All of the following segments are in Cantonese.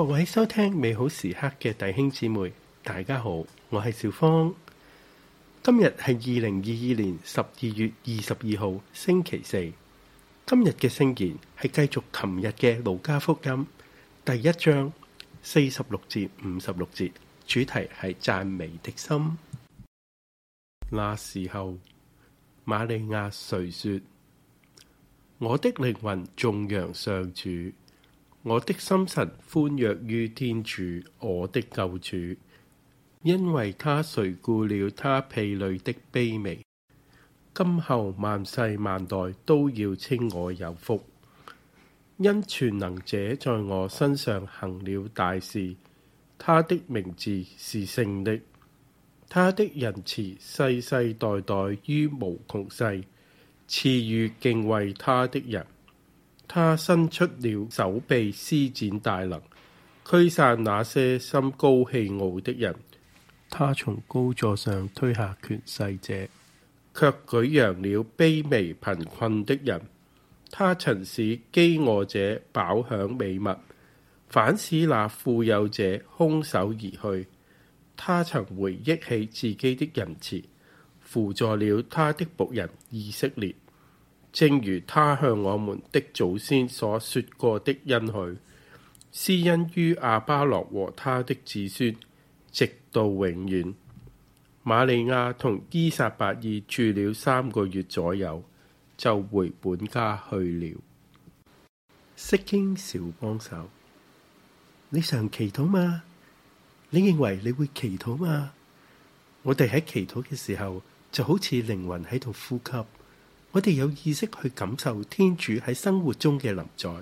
各位收聽美好時刻嘅弟兄姊妹，大家好，我係小芳。今日係二零二二年十二月二十二號星期四。今日嘅聖言係繼續琴日嘅路加福音第一章四十六至五十六節，主題係讚美的心。那時候，瑪利亞遂說：我的靈魂頌揚上主。我的心神歡躍於天主，我的救主，因為他垂顧了他婢女的卑微，今後萬世萬代都要稱我有福，因全能者在我身上行了大事，他的名字是聖的，他的仁慈世世代代於無窮世賜予敬畏他的人。他伸出了手臂施展大能，驅散那些心高氣傲的人。他從高座上推下權勢者，却舉揚了卑微貧困的人。他曾使飢餓者飽享美物，反使那富有者空手而去。他曾回憶起自己的仁慈，扶助了他的僕人以色列。正如他向我們的祖先所說過的恩許，施恩於亞巴郎和他的子孫，直到永遠。瑪利亞同依撒伯爾住了三個月左右，就回本家去了。釋經小幫手，你常祈禱嗎？你認為你會祈禱嗎？我哋喺祈禱嘅時候，就好似靈魂喺度呼吸。我哋有意識去感受天主喺生活中嘅臨在，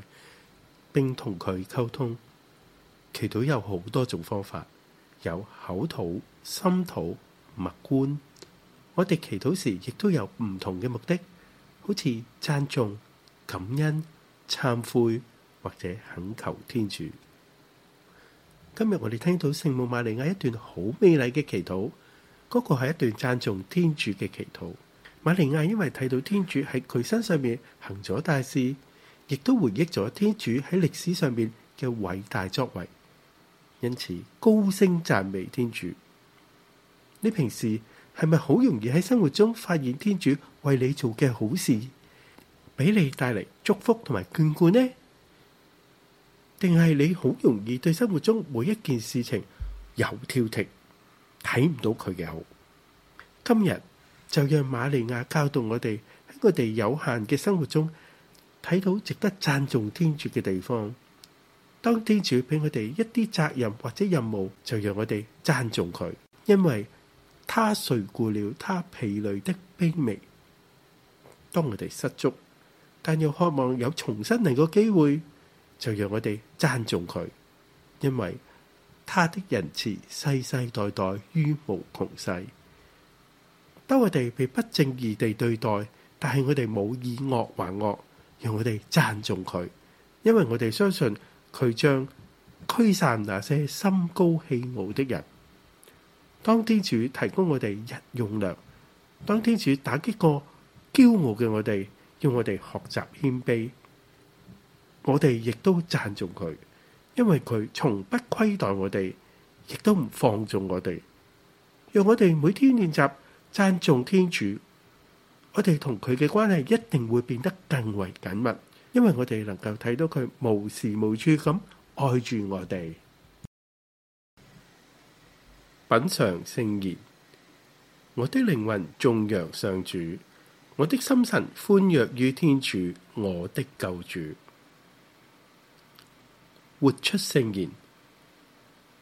並同佢溝通。祈禱有好多種方法，有口禱、心禱、默觀。我哋祈禱時亦都有唔同嘅目的，好似讚頌、感恩、懺悔或者懇求天主。今日我哋聽到聖母瑪利亞一段好美麗嘅祈禱，嗰、那個係一段讚頌天主嘅祈禱。瑪利亞因為睇到天主喺佢身上面行咗大事，亦都回憶咗天主喺歷史上面嘅偉大作為，因此高聲讚美天主。你平時係咪好容易喺生活中發現天主為你做嘅好事，俾你帶嚟祝福同埋眷顧呢？定係你好容易對生活中每一件事情有挑剔，睇唔到佢嘅好？今日。就讓瑪利亞教導我哋喺我哋有限嘅生活中，睇到值得讚頌天主嘅地方。當天主俾我哋一啲責任或者任務，就讓我哋讚頌佢，因為他垂顧了他婢女的卑微。當我哋失足，但又渴望有重新嚟個機會，就讓我哋讚頌佢，因為他的仁慈世世代代於無窮世。當我哋被不正義地對待，但係我哋冇以惡還惡，讓我哋讚頌佢，因為我哋相信佢將驅散那些心高氣傲的人。當天主提供我哋日用糧，當天主打擊過驕傲嘅我哋，要我哋學習謙卑，我哋亦都讚頌佢，因為佢從不虧待我哋，亦都唔放縱我哋。讓我哋每天練習。讚頌天主，我哋同佢嘅關係一定會變得更為緊密，因為我哋能夠睇到佢無時無處咁愛住我哋。品嚐聖言，我的靈魂頌揚上主，我的心神歡躍於天主，我的救主。活出聖言，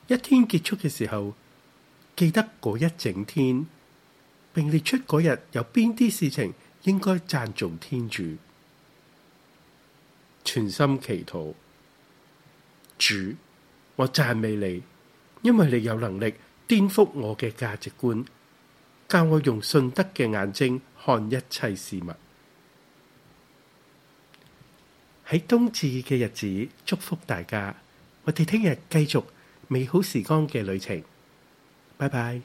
一天結束嘅時候，記得嗰一整天。並列出嗰日有邊啲事情應該讚頌天主，全心祈禱。主，我讚美祢，因為祢有能力顛覆我嘅價值觀，教我用信德嘅眼睛看一切事物。喺冬至嘅日子，祝福大家。我哋聽日繼續美好時光嘅旅程。拜拜。